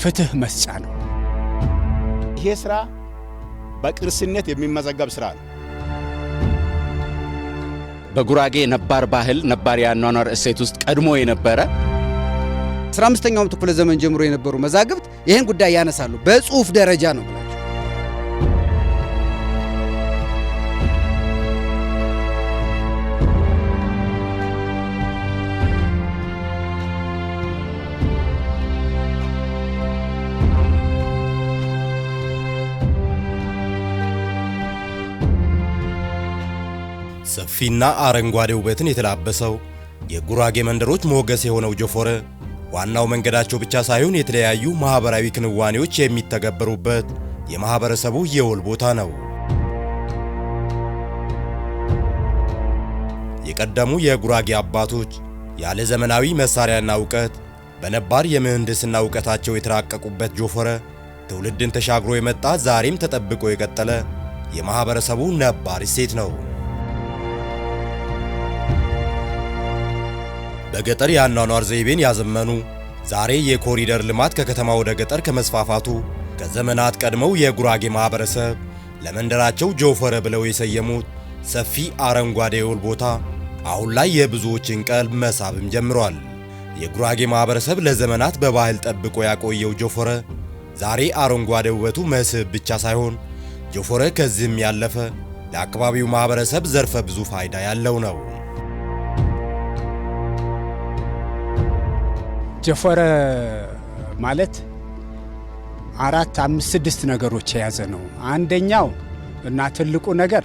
ፍትህ መስጫ ነው። ይሄ ስራ በቅርስነት የሚመዘገብ ስራ ነው። በጉራጌ ነባር ባህል ነባር የአኗኗር እሴት ውስጥ ቀድሞ የነበረ አስራ አምስተኛውም ክፍለ ዘመን ጀምሮ የነበሩ መዛግብት ይህን ጉዳይ ያነሳሉ። በጽሁፍ ደረጃ ነው ሰፊና አረንጓዴ ውበትን የተላበሰው የጉራጌ መንደሮች ሞገስ የሆነው ጆፎረ ዋናው መንገዳቸው ብቻ ሳይሆን የተለያዩ ማህበራዊ ክንዋኔዎች የሚተገበሩበት የማህበረሰቡ የወል ቦታ ነው። የቀደሙ የጉራጌ አባቶች ያለ ዘመናዊ መሳሪያና እውቀት በነባር የምህንድስና እውቀታቸው የተራቀቁበት ጆፎረ ትውልድን ተሻግሮ የመጣ ዛሬም ተጠብቆ የቀጠለ የማህበረሰቡ ነባር እሴት ነው። በገጠር የአኗኗር ዘይቤን ያዘመኑ ዛሬ የኮሪደር ልማት ከከተማ ወደ ገጠር ከመስፋፋቱ ከዘመናት ቀድመው የጉራጌ ማህበረሰብ ለመንደራቸው ጆፈረ ብለው የሰየሙት ሰፊ አረንጓዴ የውል ቦታ አሁን ላይ የብዙዎችን ቀልብ መሳብም ጀምሯል። የጉራጌ ማህበረሰብ ለዘመናት በባህል ጠብቆ ያቆየው ጆፈረ ዛሬ አረንጓዴ ውበቱ መስህብ ብቻ ሳይሆን ጆፈረ ከዚህም ያለፈ ለአካባቢው ማህበረሰብ ዘርፈ ብዙ ፋይዳ ያለው ነው። ጀፈረ ማለት አራት አምስት ስድስት ነገሮች የያዘ ነው። አንደኛው እና ትልቁ ነገር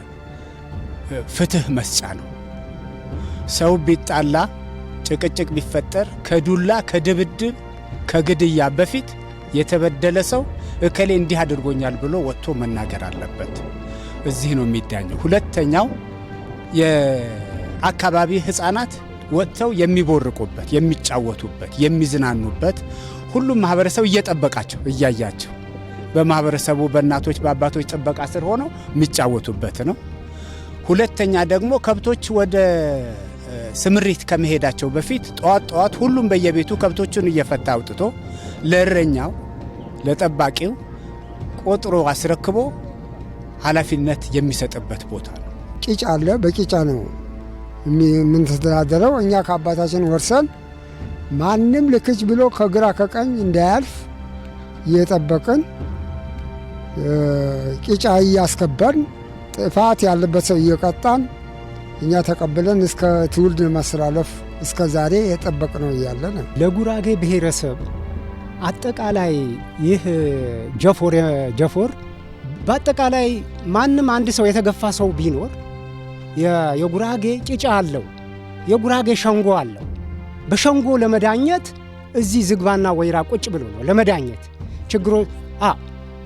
ፍትህ መስጫ ነው። ሰው ቢጣላ፣ ጭቅጭቅ ቢፈጠር ከዱላ ከድብድብ ከግድያ በፊት የተበደለ ሰው እከሌ እንዲህ አድርጎኛል ብሎ ወጥቶ መናገር አለበት። እዚህ ነው የሚዳኘው። ሁለተኛው የአካባቢ ህፃናት። ወጥተው የሚቦርቁበት፣ የሚጫወቱበት፣ የሚዝናኑበት ሁሉም ማህበረሰብ እየጠበቃቸው እያያቸው በማህበረሰቡ በእናቶች በአባቶች ጥበቃ ስር ሆነው የሚጫወቱበት ነው። ሁለተኛ ደግሞ ከብቶች ወደ ስምሪት ከመሄዳቸው በፊት ጠዋት ጠዋት ሁሉም በየቤቱ ከብቶቹን እየፈታ አውጥቶ ለእረኛው ለጠባቂው ቆጥሮ አስረክቦ ኃላፊነት የሚሰጥበት ቦታ ነው። ቂጫ አለ። በቂጫ ነው የምንተዳደረው እኛ ከአባታችን ወርሰን ማንም ልክች ብሎ ከግራ ከቀኝ እንዳያልፍ እየጠበቅን ቂጫ እያስከበርን ጥፋት ያለበት ሰው እየቀጣን እኛ ተቀብለን እስከ ትውልድ ማስተላለፍ እስከ ዛሬ የጠበቅ ነው እያለ ነው። ለጉራጌ ብሔረሰብ አጠቃላይ ይህ ጀፎር ጀፎር በአጠቃላይ ማንም አንድ ሰው የተገፋ ሰው ቢኖር የጉራጌ ጭጫ አለው፣ የጉራጌ ሸንጎ አለው። በሸንጎ ለመዳኘት እዚህ ዝግባና ወይራ ቁጭ ብሎ ነው ለመዳኘት። ችግሮ አ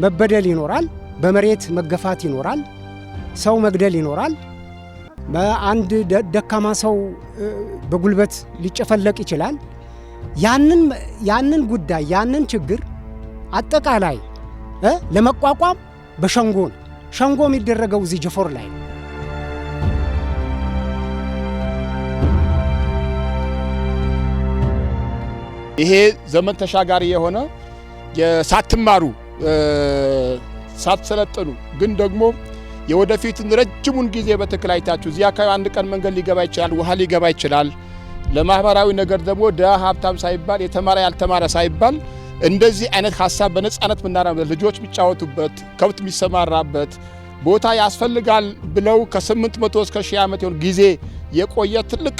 መበደል ይኖራል፣ በመሬት መገፋት ይኖራል፣ ሰው መግደል ይኖራል። በአንድ ደካማ ሰው በጉልበት ሊጨፈለቅ ይችላል። ያንን ጉዳይ ያንን ችግር አጠቃላይ ለመቋቋም በሸንጎ ነው። ሸንጎ የሚደረገው እዚህ ጀፎር ላይ ነው። ይሄ ዘመን ተሻጋሪ የሆነ ሳትማሩ ሳትሰለጥኑ ግን ደግሞ የወደፊትን ረጅሙን ጊዜ በትክክል አይታችሁ እዚህ አካባቢ አንድ ቀን መንገድ ሊገባ ይችላል፣ ውሃ ሊገባ ይችላል። ለማህበራዊ ነገር ደግሞ ድሃ ሀብታም ሳይባል የተማረ ያልተማረ ሳይባል እንደዚህ አይነት ሀሳብ በነጻነት የምናራበት ልጆች የሚጫወቱበት ከብት የሚሰማራበት ቦታ ያስፈልጋል ብለው ከ800 እስከ ሺህ ዓመት የሆነ ጊዜ የቆየ ትልቅ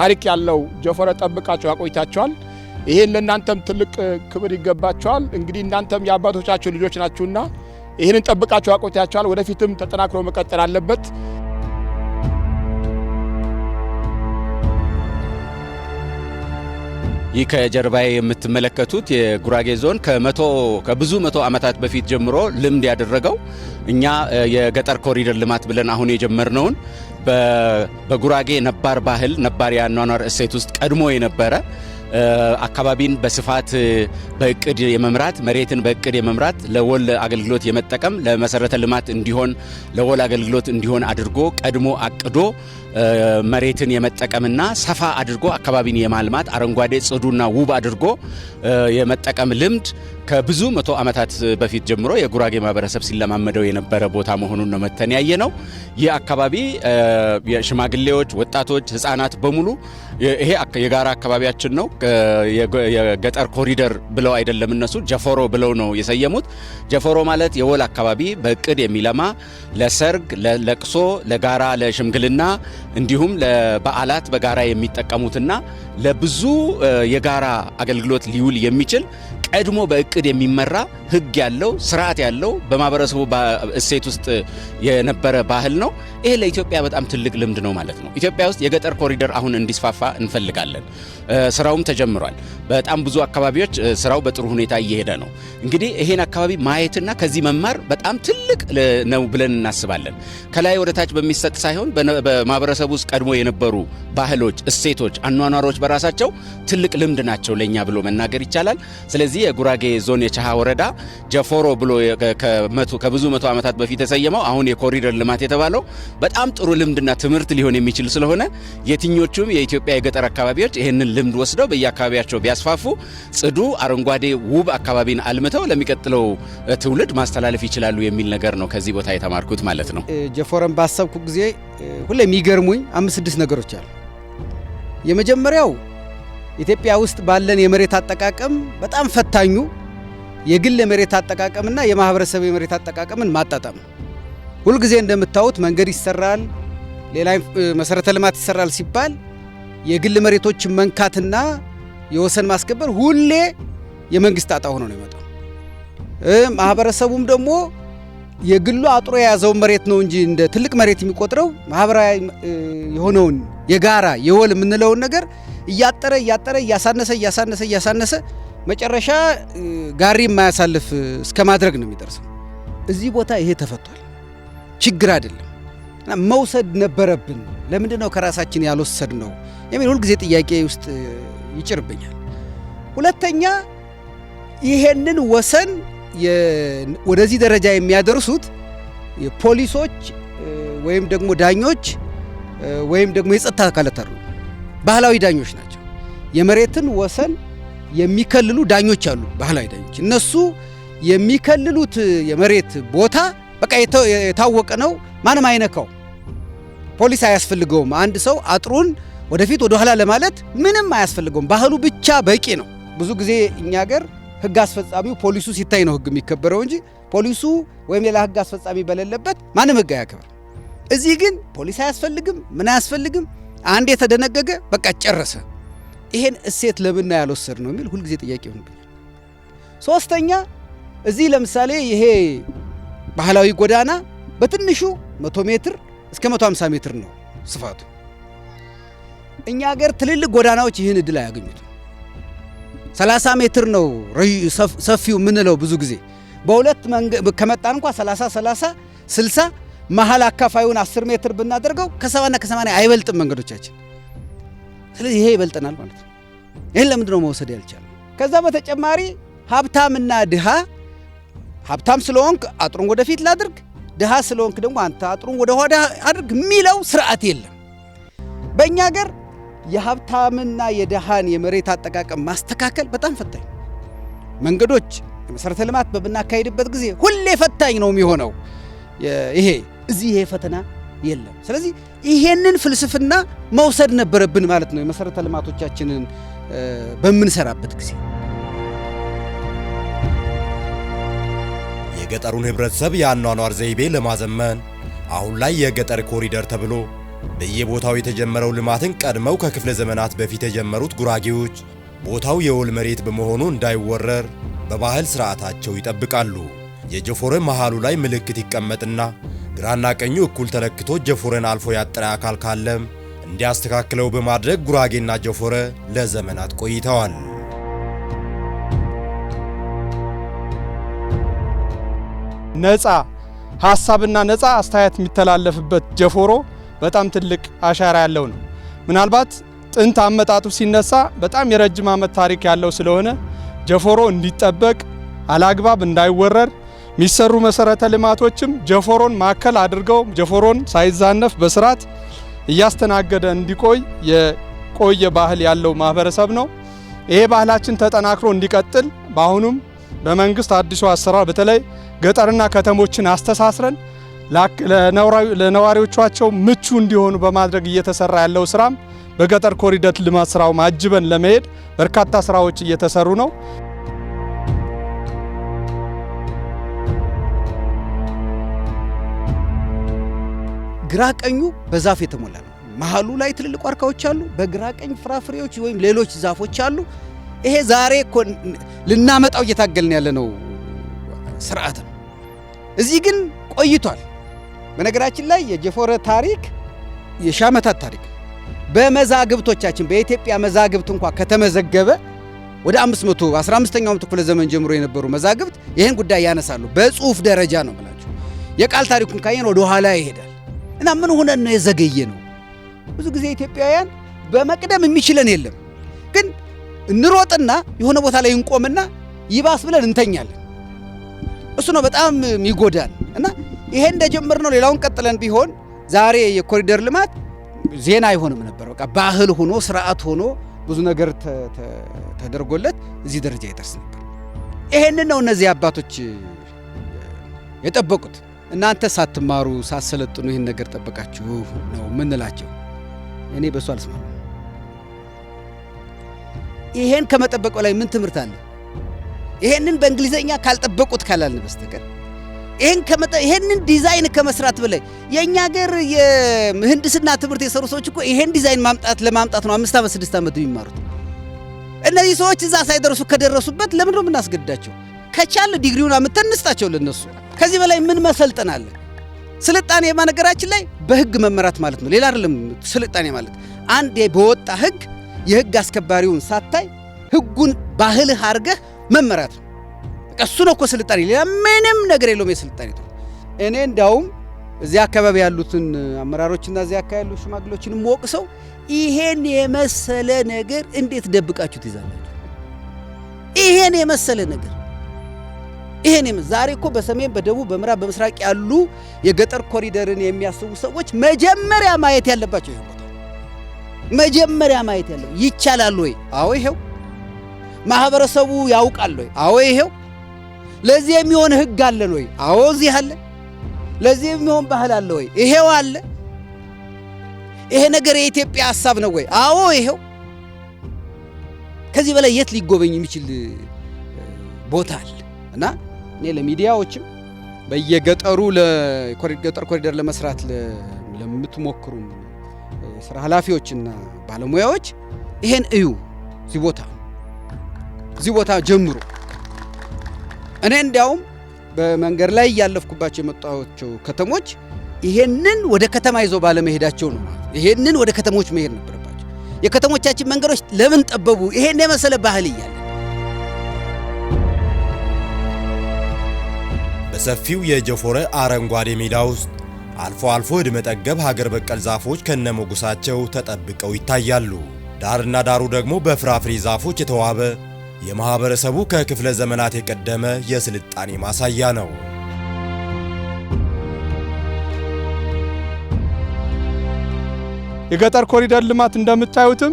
ታሪክ ያለው ጀፈረ ጠብቃቸው አቆይታቸዋል። ይሄን ለእናንተም ትልቅ ክብር ይገባቸዋል። እንግዲህ እናንተም የአባቶቻችሁ ልጆች ናችሁና ይህንን ጠብቃችሁ አቆይታችኋል። ወደፊትም ተጠናክሮ መቀጠል አለበት። ይህ ከጀርባዬ የምትመለከቱት የጉራጌ ዞን ከመቶ ከብዙ መቶ ዓመታት በፊት ጀምሮ ልምድ ያደረገው እኛ የገጠር ኮሪደር ልማት ብለን አሁን የጀመርነውን በጉራጌ ነባር ባህል ነባር የአኗኗር እሴት ውስጥ ቀድሞ የነበረ አካባቢን በስፋት በእቅድ የመምራት መሬትን በእቅድ የመምራት ለወል አገልግሎት የመጠቀም ለመሰረተ ልማት እንዲሆን ለወል አገልግሎት እንዲሆን አድርጎ ቀድሞ አቅዶ መሬትን የመጠቀምና ሰፋ አድርጎ አካባቢን የማልማት አረንጓዴ ጽዱና ውብ አድርጎ የመጠቀም ልምድ ከብዙ መቶ ዓመታት በፊት ጀምሮ የጉራጌ ማህበረሰብ ሲለማመደው የነበረ ቦታ መሆኑን ነው መተን ያየ ነው። ይህ አካባቢ የሽማግሌዎች፣ ወጣቶች፣ ህፃናት በሙሉ ይሄ የጋራ አካባቢያችን ነው። የገጠር ኮሪደር ብለው አይደለም እነሱ ጀፎሮ ብለው ነው የሰየሙት። ጀፎሮ ማለት የወል አካባቢ በእቅድ የሚለማ ለሰርግ፣ ለለቅሶ፣ ለጋራ ለሽምግልና እንዲሁም ለበዓላት በጋራ የሚጠቀሙትና ለብዙ የጋራ አገልግሎት ሊውል የሚችል ቀድሞ በእቅድ የሚመራ ህግ ያለው ስርዓት ያለው በማህበረሰቡ እሴት ውስጥ የነበረ ባህል ነው። ይሄ ለኢትዮጵያ በጣም ትልቅ ልምድ ነው ማለት ነው። ኢትዮጵያ ውስጥ የገጠር ኮሪደር አሁን እንዲስፋፋ እንፈልጋለን። ስራውም ተጀምሯል። በጣም ብዙ አካባቢዎች ስራው በጥሩ ሁኔታ እየሄደ ነው። እንግዲህ ይሄን አካባቢ ማየትና ከዚህ መማር በጣም ትልቅ ነው ብለን እናስባለን። ከላይ ወደ ታች በሚሰጥ ሳይሆን በማህበረሰቡ ውስጥ ቀድሞ የነበሩ ባህሎች፣ እሴቶች፣ አኗኗሮች በራሳቸው ትልቅ ልምድ ናቸው ለእኛ ብሎ መናገር ይቻላል። ስለዚህ የጉራጌ ዞን የቻሃ ወረዳ ጀፎሮ ብሎ ከብዙ መቶ ዓመታት በፊት የተሰየመው አሁን የኮሪደር ልማት የተባለው በጣም ጥሩ ልምድና ትምህርት ሊሆን የሚችል ስለሆነ የትኞቹም የኢትዮጵያ የገጠር አካባቢዎች ይህንን ልምድ ወስደው በየአካባቢያቸው ቢያስፋፉ ጽዱ፣ አረንጓዴ፣ ውብ አካባቢን አልምተው ለሚቀጥለው ትውልድ ማስተላለፍ ይችላሉ የሚል ነገር ነው ከዚህ ቦታ የተማርኩት ማለት ነው። ጀፎረን ባሰብኩ ጊዜ ሁሌ የሚገርሙኝ አምስት ስድስት ነገሮች አሉ። የመጀመሪያው ኢትዮጵያ ውስጥ ባለን የመሬት አጠቃቀም በጣም ፈታኙ የግል የመሬት አጠቃቀምና የማህበረሰብ የመሬት አጠቃቀምን ማጣጣም ሁልጊዜ እንደምታዩት መንገድ ይሰራል፣ ሌላ መሰረተ ልማት ይሰራል ሲባል የግል መሬቶችን መንካትና የወሰን ማስከበር ሁሌ የመንግስት ጣጣ ሆኖ ነው የመጣው። ማህበረሰቡም ደግሞ የግሉ አጥሮ የያዘውን መሬት ነው እንጂ እንደ ትልቅ መሬት የሚቆጥረው ማህበራዊ የሆነውን የጋራ የወል የምንለውን ነገር እያጠረ እያጠረ እያሳነሰ እያሳነሰ እያሳነሰ መጨረሻ ጋሪ የማያሳልፍ እስከ ማድረግ ነው የሚደርሰው። እዚህ ቦታ ይሄ ተፈቷል። ችግር አይደለም እና መውሰድ ነበረብን። ለምንድን ነው ከራሳችን ያልወሰድ ነው የሚል ሁልጊዜ ጥያቄ ውስጥ ይጭርብኛል። ሁለተኛ ይሄንን ወሰን ወደዚህ ደረጃ የሚያደርሱት ፖሊሶች ወይም ደግሞ ዳኞች ወይም ደግሞ የጸጥታ አካላት አሉ። ባህላዊ ዳኞች ናቸው። የመሬትን ወሰን የሚከልሉ ዳኞች አሉ፣ ባህላዊ ዳኞች። እነሱ የሚከልሉት የመሬት ቦታ በቃ የታወቀ ነው። ማንም አይነካው፣ ፖሊስ አያስፈልገውም። አንድ ሰው አጥሩን ወደፊት ወደኋላ ለማለት ምንም አያስፈልገውም። ባህሉ ብቻ በቂ ነው። ብዙ ጊዜ እኛ ገር ህግ አስፈጻሚው ፖሊሱ ሲታይ ነው ህግ የሚከበረው እንጂ ፖሊሱ ወይም ሌላ ህግ አስፈጻሚ በሌለበት ማንም ህግ አያከብር። እዚህ ግን ፖሊስ አያስፈልግም፣ ምን አያስፈልግም። አንድ የተደነገገ በቃ ጨረሰ። ይሄን እሴት ለምና ያልወሰድ ነው የሚል ሁልጊዜ ጥያቄ ሆንብኛል። ሶስተኛ እዚህ ለምሳሌ ይሄ ባህላዊ ጎዳና በትንሹ 100 ሜትር እስከ 150 ሜትር ነው ስፋቱ። እኛ ሀገር ትልልቅ ጎዳናዎች ይህን እድል አያገኙት። 30 ሜትር ነው ሰፊው የምንለው ብዙ ጊዜ በሁለት መንገድ ከመጣን እንኳ 30 30 60 መሀል አካፋዩን 10 ሜትር ብናደርገው ከሰባና ከሰማንያ አይበልጥም መንገዶቻችን። ስለዚህ ይሄ ይበልጠናል ማለት ነው። ይህን ለምንድነው መውሰድ ያልቻለ? ከዛ በተጨማሪ ሀብታምና ድሃ ሀብታም ስለሆንክ አጥሩን ወደፊት ላድርግ፣ ድሃ ስለሆንክ ደግሞ አንተ አጥሩን ወደ ኋላ አድርግ የሚለው ስርዓት የለም። በእኛ ሀገር የሀብታምና የድሃን የመሬት አጠቃቀም ማስተካከል በጣም ፈታኝ። መንገዶች፣ የመሠረተ ልማት በምናካሄድበት ጊዜ ሁሌ ፈታኝ ነው የሚሆነው። ይሄ እዚህ ይሄ ፈተና የለም። ስለዚህ ይሄንን ፍልስፍና መውሰድ ነበረብን ማለት ነው የመሠረተ ልማቶቻችንን በምንሰራበት ጊዜ የገጠሩን ህብረተሰብ የአኗኗር ዘይቤ ለማዘመን አሁን ላይ የገጠር ኮሪደር ተብሎ በየቦታው የተጀመረው ልማትን ቀድመው ከክፍለ ዘመናት በፊት የጀመሩት ጉራጌዎች ቦታው የወል መሬት በመሆኑ እንዳይወረር በባህል ስርዓታቸው ይጠብቃሉ። የጀፎረ መሃሉ ላይ ምልክት ይቀመጥና ግራና ቀኙ እኩል ተለክቶ ጀፎረን አልፎ ያጠረ አካል ካለም እንዲያስተካክለው በማድረግ ጉራጌና ጀፎረ ለዘመናት ቆይተዋል። ነፃ ሀሳብና ነፃ አስተያየት የሚተላለፍበት ጀፎሮ በጣም ትልቅ አሻራ ያለው ነው። ምናልባት ጥንት አመጣጡ ሲነሳ በጣም የረጅም ዓመት ታሪክ ያለው ስለሆነ ጀፎሮ እንዲጠበቅ አላግባብ እንዳይወረር የሚሰሩ መሰረተ ልማቶችም ጀፎሮን ማዕከል አድርገው ጀፎሮን ሳይዛነፍ በስርዓት እያስተናገደ እንዲቆይ የቆየ ባህል ያለው ማህበረሰብ ነው። ይሄ ባህላችን ተጠናክሮ እንዲቀጥል በአሁኑም በመንግስት አዲሱ አሰራር በተለይ ገጠርና ከተሞችን አስተሳስረን ለነዋሪዎቻቸው ምቹ እንዲሆኑ በማድረግ እየተሰራ ያለው ስራም በገጠር ኮሪደር ልማት ስራው አጅበን ለመሄድ በርካታ ስራዎች እየተሰሩ ነው። ግራ ቀኙ በዛፍ የተሞላ ነው። መሀሉ ላይ ትልልቅ ዋርካዎች አሉ። በግራ ቀኝ ፍራፍሬዎች ወይም ሌሎች ዛፎች አሉ። ይሄ ዛሬ እኮ ልናመጣው እየታገልን ነው ስርዓት ነው። እዚህ ግን ቆይቷል። በነገራችን ላይ የጀፎረ ታሪክ የሺህ ዓመታት ታሪክ በመዛግብቶቻችን በኢትዮጵያ መዛግብት እንኳ ከተመዘገበ ወደ 500 15ኛው ክፍለ ዘመን ጀምሮ የነበሩ መዛግብት ይህን ጉዳይ ያነሳሉ። በጽሁፍ ደረጃ ነው ምላቸው። የቃል ታሪኩን ካየን ወደ ኋላ ይሄዳል እና ምን ሆነን ነው የዘገየ ነው? ብዙ ጊዜ ኢትዮጵያውያን በመቅደም የሚችለን የለም ግን እንሮጥና የሆነ ቦታ ላይ እንቆምና ይባስ ብለን እንተኛለን። እሱ ነው በጣም የሚጎዳን እና ይሄ ነው ሌላውን ቀጥለን ቢሆን ዛሬ የኮሪደር ልማት ዜና አይሆንም ነበር። በቃ ባህል ሆኖ ስርዓት ሆኖ ብዙ ነገር ተደርጎለት እዚህ ደረጃ ይደርስ ነበር። ይሄንን ነው እነዚህ አባቶች የጠበቁት። እናንተ ሳትማሩ ሳሰለጥኑ ይህን ነገር ጠበቃችሁ ነው ምንላቸው። እኔ በሱ አልስማማም። ይሄን ከመጠበቅ በላይ ምን ትምህርት አለ? ይሄንን በእንግሊዘኛ ካልጠበቁት ካላልን በስተቀር ይሄንን ዲዛይን ከመስራት በላይ የእኛ ሀገር የምህንድስና ትምህርት የሰሩ ሰዎች እኮ ይሄን ዲዛይን ማምጣት ለማምጣት ነው አምስት ዓመት ስድስት ዓመት የሚማሩት። እነዚህ ሰዎች እዛ ሳይደርሱ ከደረሱበት ለምን ነው የምናስገድዳቸው? ከቻል ዲግሪውን አምጥተን እንስጣቸው ለነሱ። ከዚህ በላይ ምን መሰልጠን አለ? ስልጣኔ ማ ነገራችን ላይ በህግ መመራት ማለት ነው፣ ሌላ አይደለም። ስልጣኔ ማለት አንድ በወጣ ህግ የህግ አስከባሪውን ሳታይ ህጉን ባህልህ አድርገህ መመራት ነው። እሱ ነው እኮ ስልጣኔ፣ ሌላ ምንም ነገር የለውም። የስልጣኔ እኔ እንዳውም እዚያ አካባቢ ያሉትን አመራሮችና እዚያ አካባቢ ያሉ ሽማግሌዎችን ወቅሰው ይሄን የመሰለ ነገር እንዴት ደብቃችሁ ትይዛላችሁ? ይሄን የመሰለ ነገር ይሄን ዛሬ እኮ በሰሜን በደቡብ በምዕራብ በምስራቅ ያሉ የገጠር ኮሪደርን የሚያስቡ ሰዎች መጀመሪያ ማየት ያለባቸው ይሄ መጀመሪያ ማየት ያለው ይቻላል ወይ? አዎ ይሄው። ማህበረሰቡ ያውቃል ወይ? አዎ ይሄው። ለዚህ የሚሆን ህግ አለን ወይ? አዎ እዚህ አለ። ለዚህ የሚሆን ባህል አለ ወይ? ይሄው አለ። ይሄ ነገር የኢትዮጵያ ሀሳብ ነው ወይ? አዎ ይሄው። ከዚህ በላይ የት ሊጎበኝ የሚችል ቦታ አለ? እና እኔ ለሚዲያዎችም በየገጠሩ ለገጠር ኮሪደር ለመስራት ለምትሞክሩ የስራ ኃላፊዎችና ባለሙያዎች ይሄን እዩ፣ እዚህ ቦታ እዚህ ቦታ ጀምሩ። እኔ እንዲያውም በመንገድ ላይ እያለፍኩባቸው የመጣቸው ከተሞች ይሄንን ወደ ከተማ ይዞ ባለመሄዳቸው ነው። ይሄንን ወደ ከተሞች መሄድ ነበረባቸው። የከተሞቻችን መንገዶች ለምን ጠበቡ? ይሄን የመሰለ ባህል እያለ በሰፊው የጀፎረ አረንጓዴ ሜዳ ውስጥ አልፎ አልፎ ዕድሜ ጠገብ ሀገር በቀል ዛፎች ከነሞጉሳቸው ተጠብቀው ይታያሉ። ዳርና ዳሩ ደግሞ በፍራፍሬ ዛፎች የተዋበ የማህበረሰቡ ከክፍለ ዘመናት የቀደመ የስልጣኔ ማሳያ ነው። የገጠር ኮሪደር ልማት እንደምታዩትም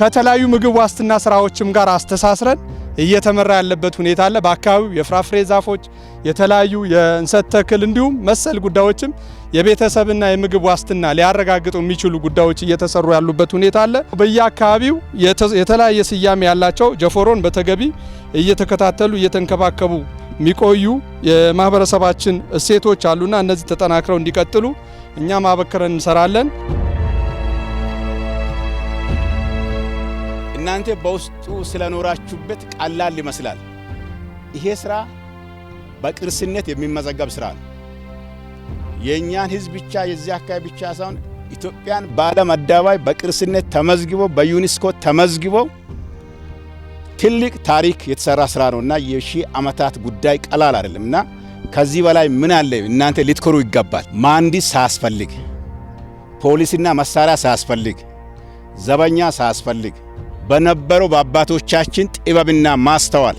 ከተለያዩ ምግብ ዋስትና ስራዎችም ጋር አስተሳስረን እየተመራ ያለበት ሁኔታ አለ። በአካባቢው የፍራፍሬ ዛፎች፣ የተለያዩ የእንሰት ተክል እንዲሁም መሰል ጉዳዮችም የቤተሰብና የምግብ ዋስትና ሊያረጋግጡ የሚችሉ ጉዳዮች እየተሰሩ ያሉበት ሁኔታ አለ። በየአካባቢው የተለያየ ስያሜ ያላቸው ጀፎሮን በተገቢ እየተከታተሉ እየተንከባከቡ የሚቆዩ የማህበረሰባችን እሴቶች አሉና እነዚህ ተጠናክረው እንዲቀጥሉ እኛ ማበከረን እንሰራለን። እናንተ በውስጡ ስለኖራችሁበት ቀላል ይመስላል። ይሄ ስራ በቅርስነት የሚመዘገብ ስራ ነው። የእኛን ህዝብ ብቻ የዚህ አካባቢ ብቻ ሳይሆን ኢትዮጵያን በዓለም አደባባይ በቅርስነት ተመዝግቦ በዩኒስኮ ተመዝግቦ ትልቅ ታሪክ የተሰራ ስራ ነው እና የሺህ ዓመታት ጉዳይ ቀላል አይደለም እና ከዚህ በላይ ምን አለ? እናንተ ልትኮሩ ይገባል። መሐንዲስ ሳያስፈልግ፣ ፖሊስና መሳሪያ ሳያስፈልግ፣ ዘበኛ ሳያስፈልግ በነበረው በአባቶቻችን ጥበብና ማስተዋል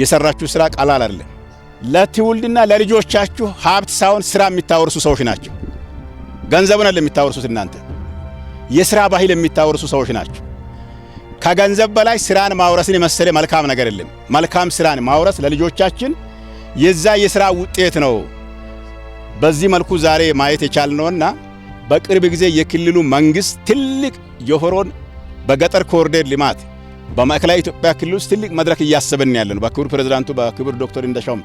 የሰራችሁ ስራ ቀላል አይደለም። ለትውልድና ለልጆቻችሁ ሀብት ሳይሆን ስራ የሚታወርሱ ሰዎች ናቸው። ገንዘብን ለሚታወርሱት እናንተ የስራ ባህል የሚታወርሱ ሰዎች ናቸው። ከገንዘብ በላይ ስራን ማውረስን የመሰለ መልካም ነገር የለም። መልካም ስራን ማውረስ ለልጆቻችን የዛ የስራ ውጤት ነው። በዚህ መልኩ ዛሬ ማየት የቻልነውና በቅርብ ጊዜ የክልሉ መንግስት ትልቅ የሆሮን በገጠር ኮሪደር ልማት በማዕከላዊ ኢትዮጵያ ክልል ውስጥ ትልቅ መድረክ እያሰብን ነው። በክቡር ፕሬዚዳንቱ በክቡር ዶክተር እንደሻውም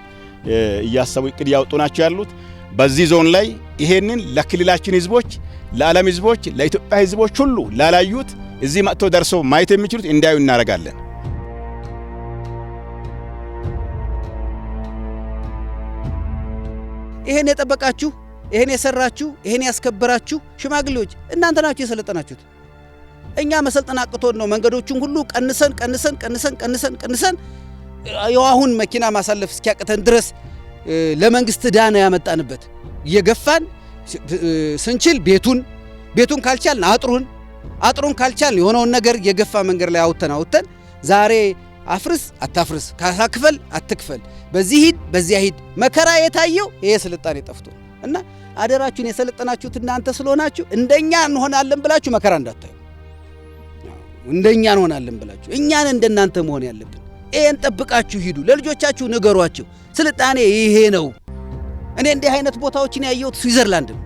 እያሰቡ እቅድ እያወጡ ናቸው ያሉት። በዚህ ዞን ላይ ይሄንን ለክልላችን ህዝቦች፣ ለዓለም ህዝቦች፣ ለኢትዮጵያ ህዝቦች ሁሉ ላላዩት እዚህ መጥቶ ደርሶ ማየት የሚችሉት እንዲያዩ እናደርጋለን። ይሄን የጠበቃችሁ፣ ይሄን የሰራችሁ፣ ይሄን ያስከበራችሁ ሽማግሌዎች እናንተ ናችሁ የሰለጠናችሁት። እኛ መሰልጠን አቅቶን ነው መንገዶችን ሁሉ ቀንሰን ቀንሰን ቀንሰን ቀንሰን ቀንሰን የዋሁን መኪና ማሳለፍ እስኪያቅተን ድረስ ለመንግስት ዳና ያመጣንበት እየገፋን ስንችል ቤቱን ቤቱን ካልቻልን አጥሩን አጥሩን ካልቻልን የሆነውን ነገር የገፋ መንገድ ላይ አውጥተን አውጥተን ዛሬ አፍርስ አታፍርስ፣ ካሳ ክፈል አትክፈል፣ በዚህ ሂድ በዚያ ሂድ መከራ የታየው ይሄ ስልጣኔ ጠፍቶ እና አደራችሁን የሰለጠናችሁት እናንተ ስለሆናችሁ እንደኛ እንሆናለን ብላችሁ መከራ እንዳታዩ። እንደኛ እንሆናለን ብላችሁ እኛን እንደናንተ መሆን ያለብን ይሄን ጠብቃችሁ ሂዱ። ለልጆቻችሁ ንገሯቸው። ስልጣኔ ይሄ ነው። እኔ እንዲህ አይነት ቦታዎችን ያየሁት ስዊዘርላንድ ነው።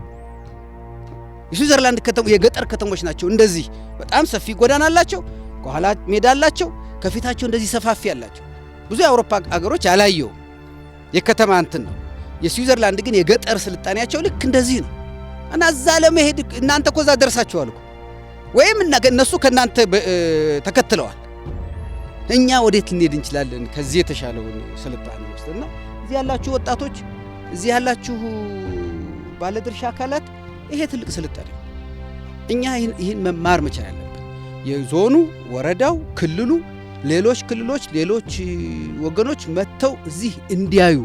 የስዊዘርላንድ የገጠር ከተሞች ናቸው። እንደዚህ በጣም ሰፊ ጎዳና አላቸው፣ ከኋላ ሜዳ አላቸው፣ ከፊታቸው እንደዚህ ሰፋፊ አላቸው። ብዙ የአውሮፓ አገሮች አላየው የከተማ እንትን ነው። የስዊዘርላንድ ግን የገጠር ስልጣኔያቸው ልክ እንደዚህ ነው እና እዛ ለመሄድ እናንተ እኮ እዛ ደርሳችኋል እኮ ወይም እነሱ ከእናንተ ተከትለዋል እኛ ወዴት ልንሄድ እንችላለን? ከዚህ የተሻለውን ስልጣኔ ውስጥ እና እዚህ ያላችሁ ወጣቶች፣ እዚህ ያላችሁ ባለድርሻ አካላት ይሄ ትልቅ ስልጣኔ እኛ ይህን መማር መቻል ያለብን የዞኑ ወረዳው፣ ክልሉ፣ ሌሎች ክልሎች፣ ሌሎች ወገኖች መጥተው እዚህ እንዲያዩ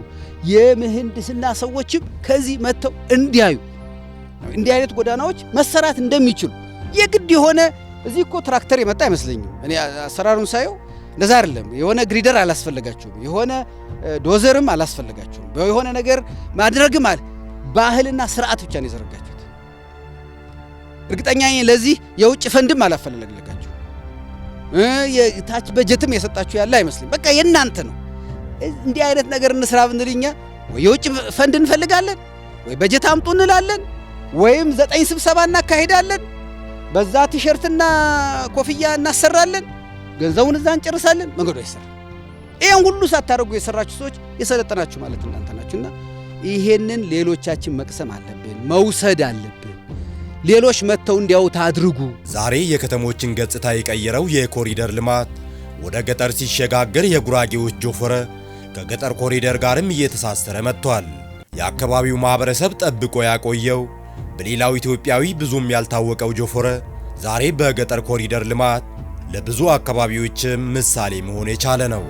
የምህንድስና ሰዎችም ከዚህ መጥተው እንዲያዩ እንዲህ አይነት ጎዳናዎች መሰራት እንደሚችሉ የግድ የሆነ እዚህ እኮ ትራክተር የመጣ አይመስለኝም እኔ አሰራሩን ሳየው እንደዛ አይደለም። የሆነ ግሪደር አላስፈልጋችሁም፣ የሆነ ዶዘርም አላስፈልጋችሁም፣ የሆነ ነገር ማድረግም አለ። ባህልና ስርዓት ብቻ ነው የዘረጋችሁት። እርግጠኛ ለዚህ የውጭ ፈንድም አላፈላለጋችሁ፣ የታች በጀትም የሰጣችሁ ያለ አይመስልም። በቃ የእናንተ ነው። እንዲህ አይነት ነገር እንስራ ብንልኛ ወይ የውጭ ፈንድ እንፈልጋለን ወይ በጀት አምጡ እንላለን ወይም ዘጠኝ ስብሰባ እናካሄዳለን። በዛ ቲሸርትና ኮፍያ እናሰራለን። ገንዘቡን እዛ እንጨርሳለን፣ መንገዱ አይሰራም። ይህን ሁሉ ሳታደርጉ የሰራችሁ ሰዎች የሰለጠናችሁ ማለት እናንተ ናችሁና ይሄንን ሌሎቻችን መቅሰም አለብን፣ መውሰድ አለብን። ሌሎች መጥተው እንዲያውት አድርጉ። ዛሬ የከተሞችን ገጽታ የቀየረው የኮሪደር ልማት ወደ ገጠር ሲሸጋገር የጉራጌዎች ጆፈረ ከገጠር ኮሪደር ጋርም እየተሳሰረ መጥቷል። የአካባቢው ማህበረሰብ ጠብቆ ያቆየው በሌላው ኢትዮጵያዊ ብዙም ያልታወቀው ጆፈረ ዛሬ በገጠር ኮሪደር ልማት ለብዙ አካባቢዎች ምሳሌ መሆን የቻለ ነው።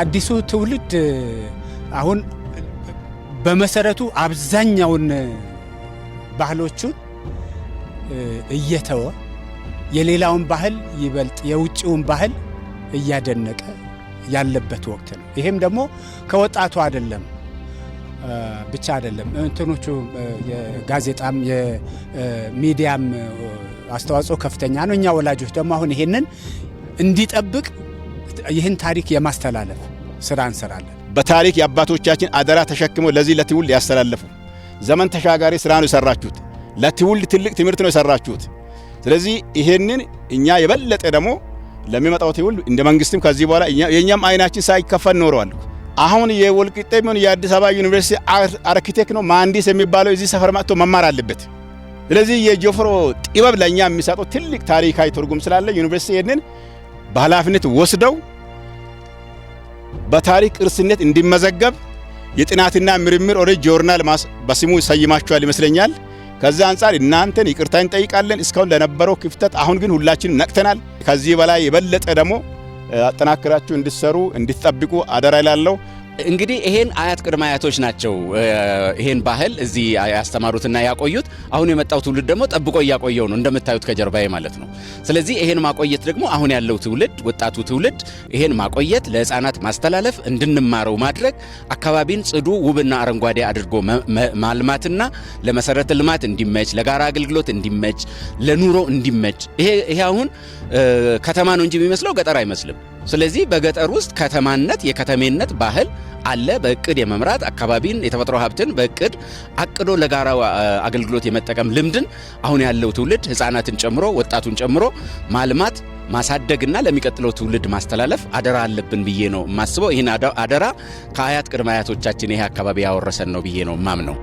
አዲሱ ትውልድ አሁን በመሰረቱ አብዛኛውን ባህሎቹን እየተወ የሌላውን ባህል ይበልጥ የውጭውን ባህል እያደነቀ ያለበት ወቅት ነው። ይሄም ደግሞ ከወጣቱ አይደለም ብቻ አይደለም እንትኖቹ የጋዜጣም የሚዲያም አስተዋጽኦ ከፍተኛ ነው። እኛ ወላጆች ደግሞ አሁን ይህንን እንዲጠብቅ ይህን ታሪክ የማስተላለፍ ስራ እንሰራለን። በታሪክ የአባቶቻችን አደራ ተሸክመው ለዚህ ለትውልድ ያስተላለፉ ዘመን ተሻጋሪ ስራ ነው የሰራችሁት። ለትውልድ ትልቅ ትምህርት ነው የሰራችሁት። ስለዚህ ይሄንን እኛ የበለጠ ደግሞ ለሚመጣው ትውልድ እንደ መንግስትም ከዚህ በኋላ የእኛም አይናችን ሳይከፈል ኖረዋል። አሁን የወልቂጤ የአዲስ አበባ ዩኒቨርሲቲ አርኪቴክት ነው መሐንዲስ የሚባለው እዚህ ሰፈር መጥቶ መማር አለበት። ስለዚህ የጆፍሮ ጥበብ ለእኛ የሚሰጠው ትልቅ ታሪካዊ ትርጉም ስላለ ዩኒቨርሲቲ ይህንን በኃላፊነት ወስደው በታሪክ ቅርስነት እንዲመዘገብ የጥናትና ምርምር ኦሬጅ ጆርናል በስሙ ሰይማችኋል ይመስለኛል። ከዛ አንጻር እናንተን ይቅርታ እንጠይቃለን እስካሁን ለነበረው ክፍተት። አሁን ግን ሁላችንም ነቅተናል። ከዚህ በላይ የበለጠ ደግሞ አጠናክራችሁ እንድትሰሩ እንድትጠብቁ አደራ ይላለሁ። እንግዲህ ይሄን አያት ቅድመ አያቶች ናቸው ይሄን ባህል እዚህ ያስተማሩትና ያቆዩት። አሁን የመጣው ትውልድ ደግሞ ጠብቆ እያቆየው ነው እንደምታዩት ከጀርባዬ ማለት ነው። ስለዚህ ይሄን ማቆየት ደግሞ አሁን ያለው ትውልድ ወጣቱ ትውልድ ይሄን ማቆየት፣ ለህፃናት ማስተላለፍ፣ እንድንማረው ማድረግ፣ አካባቢን ጽዱ፣ ውብና አረንጓዴ አድርጎ ማልማትና ለመሰረተ ልማት እንዲመች፣ ለጋራ አገልግሎት እንዲመች፣ ለኑሮ እንዲመች ይሄ አሁን ከተማ ነው እንጂ የሚመስለው ገጠር አይመስልም። ስለዚህ በገጠር ውስጥ ከተማነት የከተሜነት ባህል አለ። በእቅድ የመምራት አካባቢን፣ የተፈጥሮ ሀብትን በእቅድ አቅዶ ለጋራ አገልግሎት የመጠቀም ልምድን አሁን ያለው ትውልድ ህፃናትን ጨምሮ ወጣቱን ጨምሮ ማልማት ማሳደግና ለሚቀጥለው ትውልድ ማስተላለፍ አደራ አለብን ብዬ ነው የማስበው። ይህን አደራ ከአያት ቅድመ አያቶቻችን ይሄ አካባቢ ያወረሰን ነው ብዬ ነው ማምነው።